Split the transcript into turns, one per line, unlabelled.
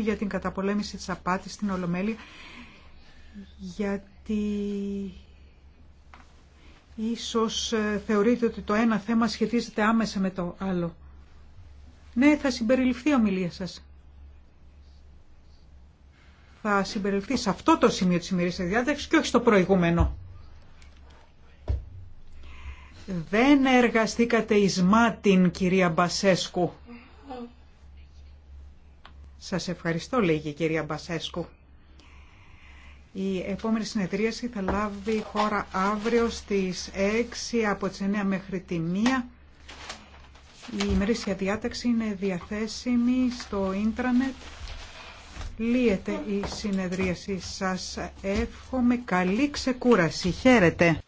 για την καταπολέμηση της απάτης στην Ολομέλεια γιατί ίσως ε, θεωρείτε ότι το ένα θέμα σχετίζεται άμεσα με το άλλο. Ναι, θα συμπεριληφθεί η ομιλία σας. Θα συμπεριληφθεί σε αυτό το σημείο της σημερινής διάδευσης και όχι στο προηγούμενο. Δεν εργαστήκατε εις την κυρία Μπασέσκου. Σας ευχαριστώ, λέγει η κυρία Μπασέσκου. Η επόμενη συνεδρίαση θα λάβει χώρα αύριο στις 6 από τις 9 μέχρι τη 1. Η ημερήσια διάταξη είναι διαθέσιμη στο ίντρανετ. Λύεται η συνεδρίαση σας. Εύχομαι καλή ξεκούραση. Χαίρετε.